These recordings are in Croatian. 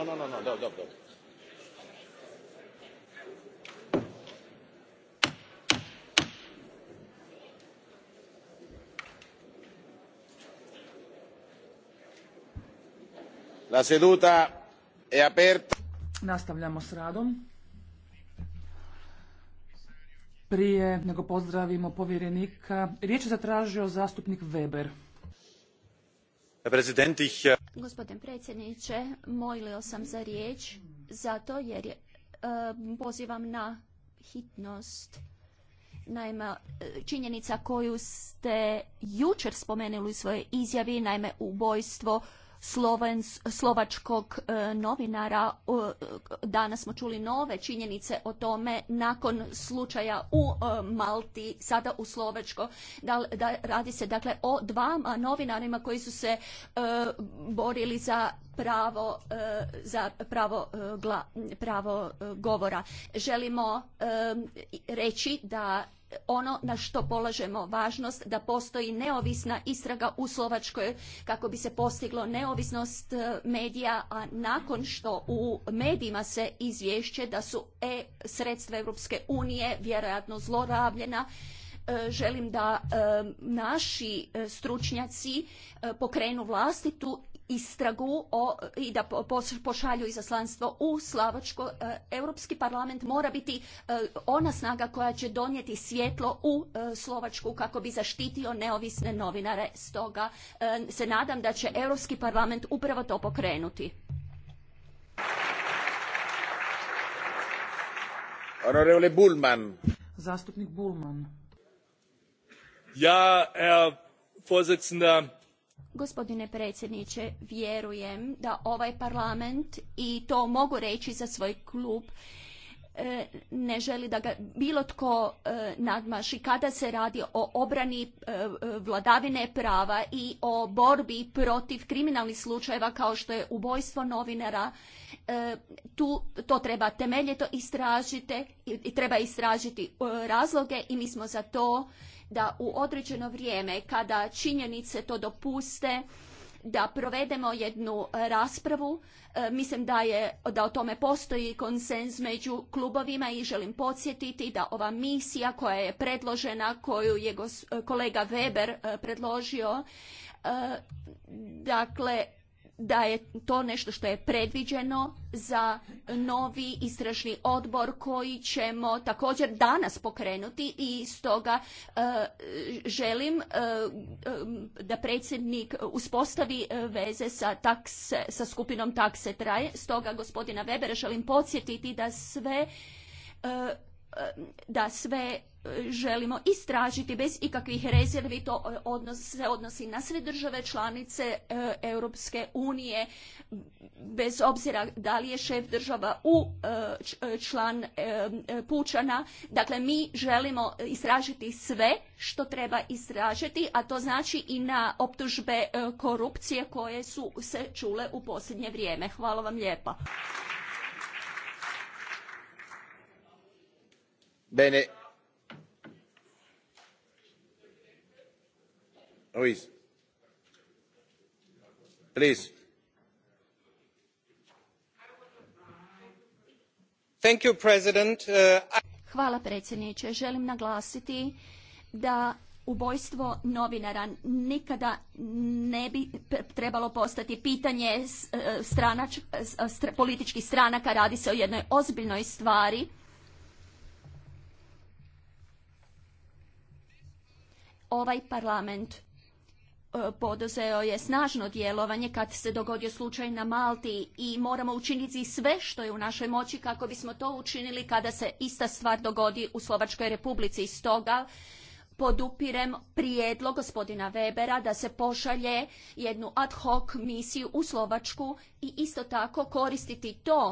No, no, no, dobro, dobro. La seduta è aperta. Nastavljamo s radom. Prije nego pozdravimo povjerenika, riječ je zatražio zastupnik Weber. Gospodine äh, Gospodin predsjedniče, molio sam za riječ zato jer e, pozivam na hitnost. Naime, e, činjenica koju ste jučer spomenuli u svojoj izjavi, naime ubojstvo Slovens, slovačkog e, novinara. danas smo čuli nove činjenice o tome nakon slučaja u e, Malti, sada u Slovačko. Da, radi se dakle o dvama novinarima koji su se e, borili za pravo, za pravo, pravo govora. Želimo reći da ono na što polažemo važnost da postoji neovisna istraga u Slovačkoj kako bi se postiglo neovisnost e, medija, a nakon što u medijima se izvješće da su e sredstva Europske unije vjerojatno zlorabljena, e, želim da e, naši stručnjaci pokrenu vlastitu istragu i da pošalju izaslanstvo u Slavačko. E, Europski parlament mora biti e, ona snaga koja će donijeti svjetlo u e, Slovačku kako bi zaštitio neovisne novinare. Stoga se nadam da će Europski parlament upravo to pokrenuti. Honorable Bulman. Zastupnik Bulman. Ja, Vorsitzender, Gospodine predsjedniče, vjerujem da ovaj parlament, i to mogu reći za svoj klub, e, ne želi da ga bilo tko e, nadmaši kada se radi o obrani e, vladavine prava i o borbi protiv kriminalnih slučajeva kao što je ubojstvo novinara. Tu to treba temeljito istražiti i treba istražiti razloge i mi smo za to da u određeno vrijeme kada činjenice to dopuste da provedemo jednu raspravu. E, mislim da, je, da o tome postoji konsens među klubovima i želim podsjetiti da ova misija koja je predložena, koju je kolega Weber e, predložio, e, dakle da je to nešto što je predviđeno za novi istražni odbor koji ćemo također danas pokrenuti i stoga e, želim e, e, da predsjednik uspostavi veze sa, takse, sa skupinom takse traje. Stoga gospodina Webera želim podsjetiti da sve Eh, da sve eh, želimo istražiti bez ikakvih rezervi. To eh, se odnosi na sve države članice Europske unije, bez obzira da li je šef država u član Pučana. Dakle, mi želimo istražiti sve što treba istražiti, a to znači i na optužbe korupcije koje su se čule u posljednje vrijeme. Hvala vam lijepa. Bene. Uh, Hvala predsjedniče. Želim naglasiti da ubojstvo novinara nikada ne bi trebalo postati pitanje e, e, političkih stranaka. Radi se o jednoj ozbiljnoj stvari ovaj parlament e, poduzeo je snažno djelovanje kad se dogodio slučaj na Malti i moramo učiniti sve što je u našoj moći kako bismo to učinili kada se ista stvar dogodi u Slovačkoj republici. Stoga podupirem prijedlog gospodina Webera da se pošalje jednu ad hoc misiju u Slovačku i isto tako koristiti to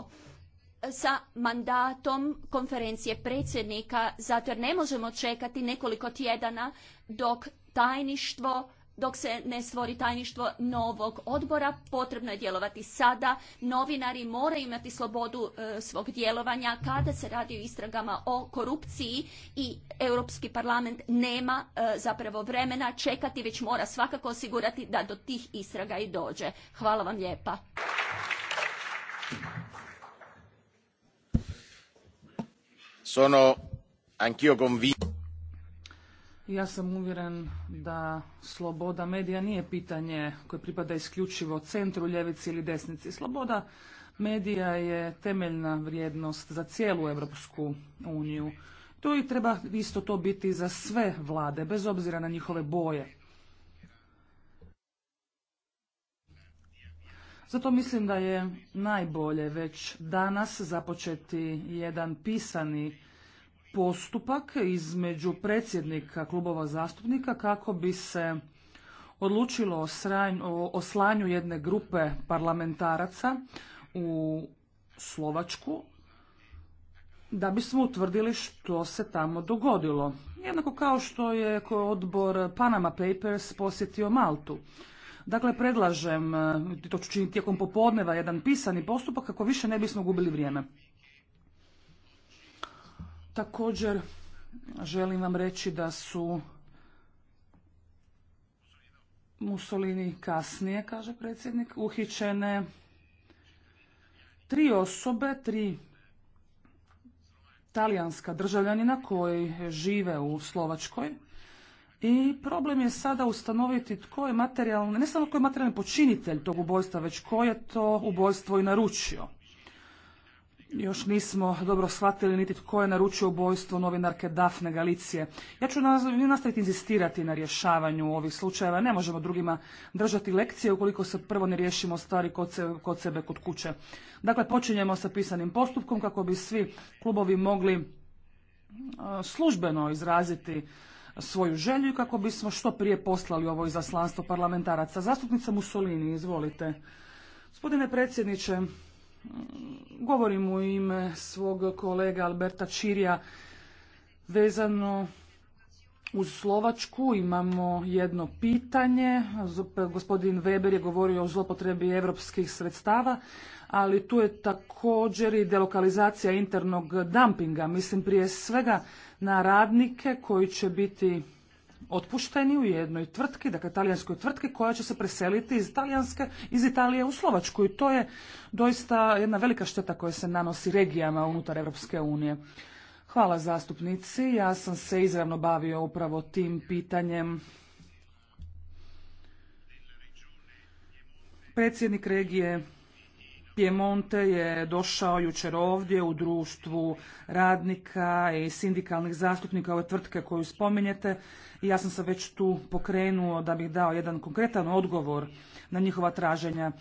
sa mandatom konferencije predsjednika, zato jer ne možemo čekati nekoliko tjedana dok tajništvo dok se ne stvori tajništvo novog odbora, potrebno je djelovati sada. Novinari moraju imati slobodu e, svog djelovanja kada se radi o istragama o korupciji i Europski parlament nema e, zapravo vremena čekati, već mora svakako osigurati da do tih istraga i dođe. Hvala vam lijepa. Sono anch'io convinto ja sam uvjeren da sloboda medija nije pitanje koje pripada isključivo centru, ljevici ili desnici. Sloboda medija je temeljna vrijednost za cijelu Europsku uniju. To i treba isto to biti za sve vlade, bez obzira na njihove boje. Zato mislim da je najbolje već danas započeti jedan pisani postupak između predsjednika klubova zastupnika kako bi se odlučilo o oslanju jedne grupe parlamentaraca u Slovačku da bismo utvrdili što se tamo dogodilo. Jednako kao što je odbor Panama Papers posjetio Maltu. Dakle, predlažem, e, to ću činiti tijekom popodneva, jedan pisani postupak kako više ne bismo gubili vrijeme. Također, želim vam reći da su Mussolini kasnije, kaže predsjednik, uhićene tri osobe, tri talijanska državljanina koji žive u Slovačkoj. I problem je sada ustanoviti tko je materijalni, ne samo tko je materijalni počinitelj tog ubojstva, već tko je to ubojstvo i naručio. Još nismo dobro shvatili niti tko je naručio ubojstvo novinarke Dafne Galicije. Ja ću nastaviti inzistirati na rješavanju ovih slučajeva. Ne možemo drugima držati lekcije ukoliko se prvo ne riješimo stvari kod, sebe, kod kuće. Dakle, počinjemo sa pisanim postupkom kako bi svi klubovi mogli službeno izraziti svoju želju i kako bismo što prije poslali ovo izaslanstvo parlamentaraca. Zastupnica Mussolini, izvolite. Gospodine predsjedniče, govorim u ime svog kolega Alberta Čirija vezano u Slovačku imamo jedno pitanje. Gospodin Weber je govorio o zlopotrebi europskih sredstava, ali tu je također i delokalizacija internog dumpinga. Mislim prije svega na radnike koji će biti otpušteni u jednoj tvrtki, dakle talijanskoj tvrtki koja će se preseliti iz, talijanske, iz Italije u Slovačku i to je doista jedna velika šteta koja se nanosi regijama unutar Europske unije. Hvala zastupnici. Ja sam se izravno bavio upravo tim pitanjem. Predsjednik regije Piemonte je došao jučer ovdje u društvu radnika i sindikalnih zastupnika ove tvrtke koju spominjete i ja sam se već tu pokrenuo da bih dao jedan konkretan odgovor na njihova traženja.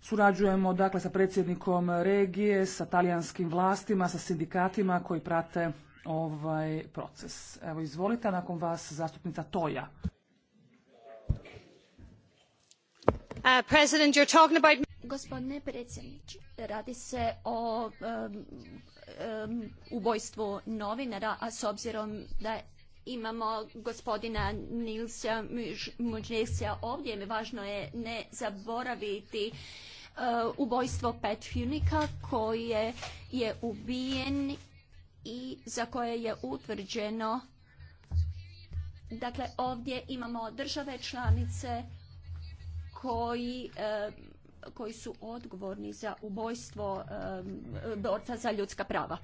Surađujemo dakle sa predsjednikom regije, sa talijanskim vlastima, sa sindikatima koji prate ovaj proces. Evo izvolite, nakon vas zastupnica Toja. Uh, Gospodine predsjedniče, radi se o um, um, ubojstvu novinara, a s obzirom da imamo gospodina Nilsa Muđesija ovdje. Važno je ne zaboraviti uh, ubojstvo Pat Funika koji je ubijen i za koje je utvrđeno Dakle, ovdje imamo države članice koji, uh, koji su odgovorni za ubojstvo um, borca za ljudska prava.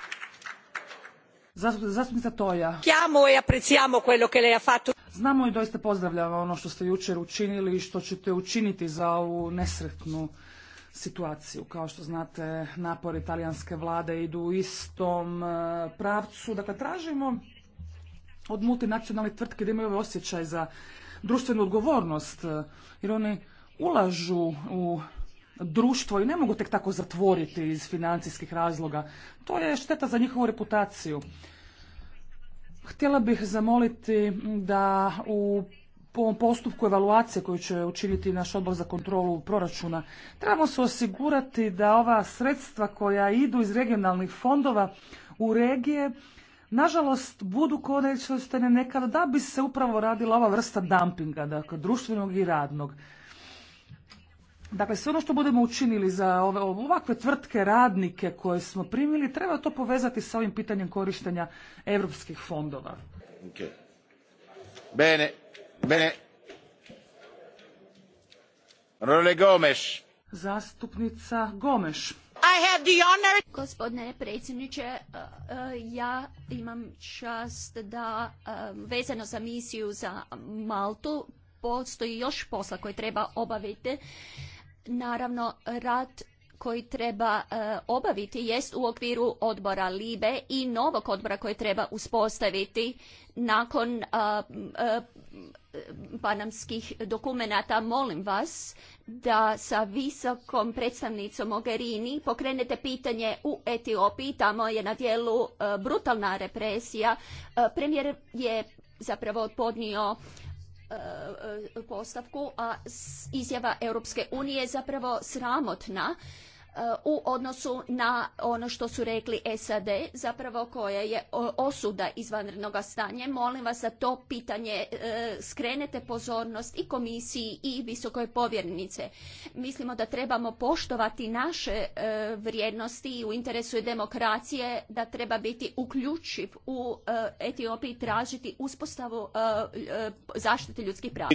Zastupnica Toja. E Znamo i doista pozdravljamo ono što ste jučer učinili i što ćete učiniti za ovu nesretnu situaciju. Kao što znate, napore italijanske vlade idu u istom e, pravcu. Dakle, tražimo od multinacionalnih tvrtke da imaju osjećaj za društvenu odgovornost, e, jer oni ulažu u društvo i ne mogu tek tako zatvoriti iz financijskih razloga. To je šteta za njihovu reputaciju. Htjela bih zamoliti da u ovom postupku evaluacije koju će učiniti naš odbor za kontrolu proračuna. Trebamo se osigurati da ova sredstva koja idu iz regionalnih fondova u regije, nažalost, budu konečnostene nekada da bi se upravo radila ova vrsta dumpinga, dakle, društvenog i radnog. Dakle, sve ono što budemo učinili za ove, ovakve tvrtke, radnike koje smo primili, treba to povezati sa ovim pitanjem korištenja europskih fondova. Okay. Bene, bene. Role Gomes. Zastupnica Gomes. Gospodine predsjedniče, e, e, ja imam čast da e, vezano za misiju za Maltu postoji još posla koje treba obaviti Naravno, rad koji treba e, obaviti jest u okviru odbora LIBE i novog odbora koji treba uspostaviti nakon e, e, panamskih dokumenata. Molim vas da sa visokom predstavnicom Mogherini pokrenete pitanje u Etiopiji. Tamo je na dijelu brutalna represija. premijer je zapravo podnio postavku, a izjava Europske unije je zapravo sramotna u odnosu na ono što su rekli SAD, zapravo koja je osuda izvanrednog stanja. Molim vas da to pitanje e, skrenete pozornost i komisiji i visokoj povjernice. Mislimo da trebamo poštovati naše e, vrijednosti i u interesu demokracije, da treba biti uključiv u e, Etiopiji tražiti uspostavu zaštite ljudskih prava.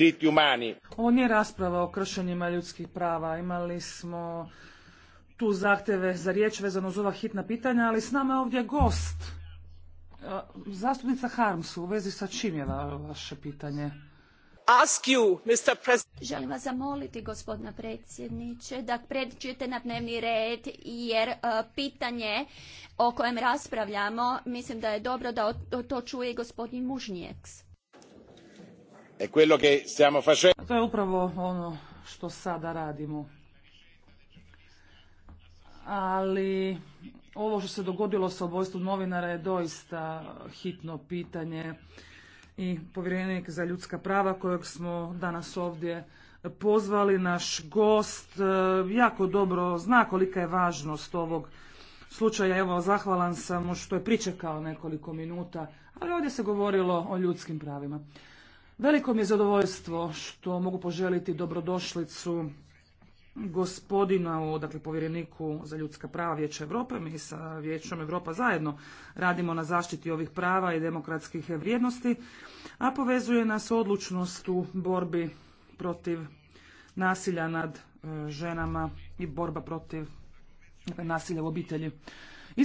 Ovo nije rasprava o kršenjima ljudskih prava. Imali smo tu zahteve za riječ vezano uz ova hitna pitanja, ali s nama je ovdje gost. E, zastupnica Harms, u vezi sa čim je vaše pitanje? Ask Želim vas zamoliti, gospodina predsjedniče, da pređete na dnevni red, jer e, pitanje o kojem raspravljamo, mislim da je dobro da to čuje i gospodin Mužnijeks. To je upravo ono što sada radimo ali ovo što se dogodilo sa obojstvom novinara je doista hitno pitanje i povjerenik za ljudska prava kojeg smo danas ovdje pozvali, naš gost, e, jako dobro zna kolika je važnost ovog slučaja. Evo, zahvalan sam što je pričekao nekoliko minuta, ali ovdje se govorilo o ljudskim pravima. Veliko mi je zadovoljstvo što mogu poželiti dobrodošlicu gospodina, dakle povjereniku za ljudska prava Vijeća Europe. Mi sa Vijećom Europa zajedno radimo na zaštiti ovih prava i demokratskih vrijednosti, a povezuje nas odlučnost u borbi protiv nasilja nad e, ženama i borba protiv nasilja u obitelji.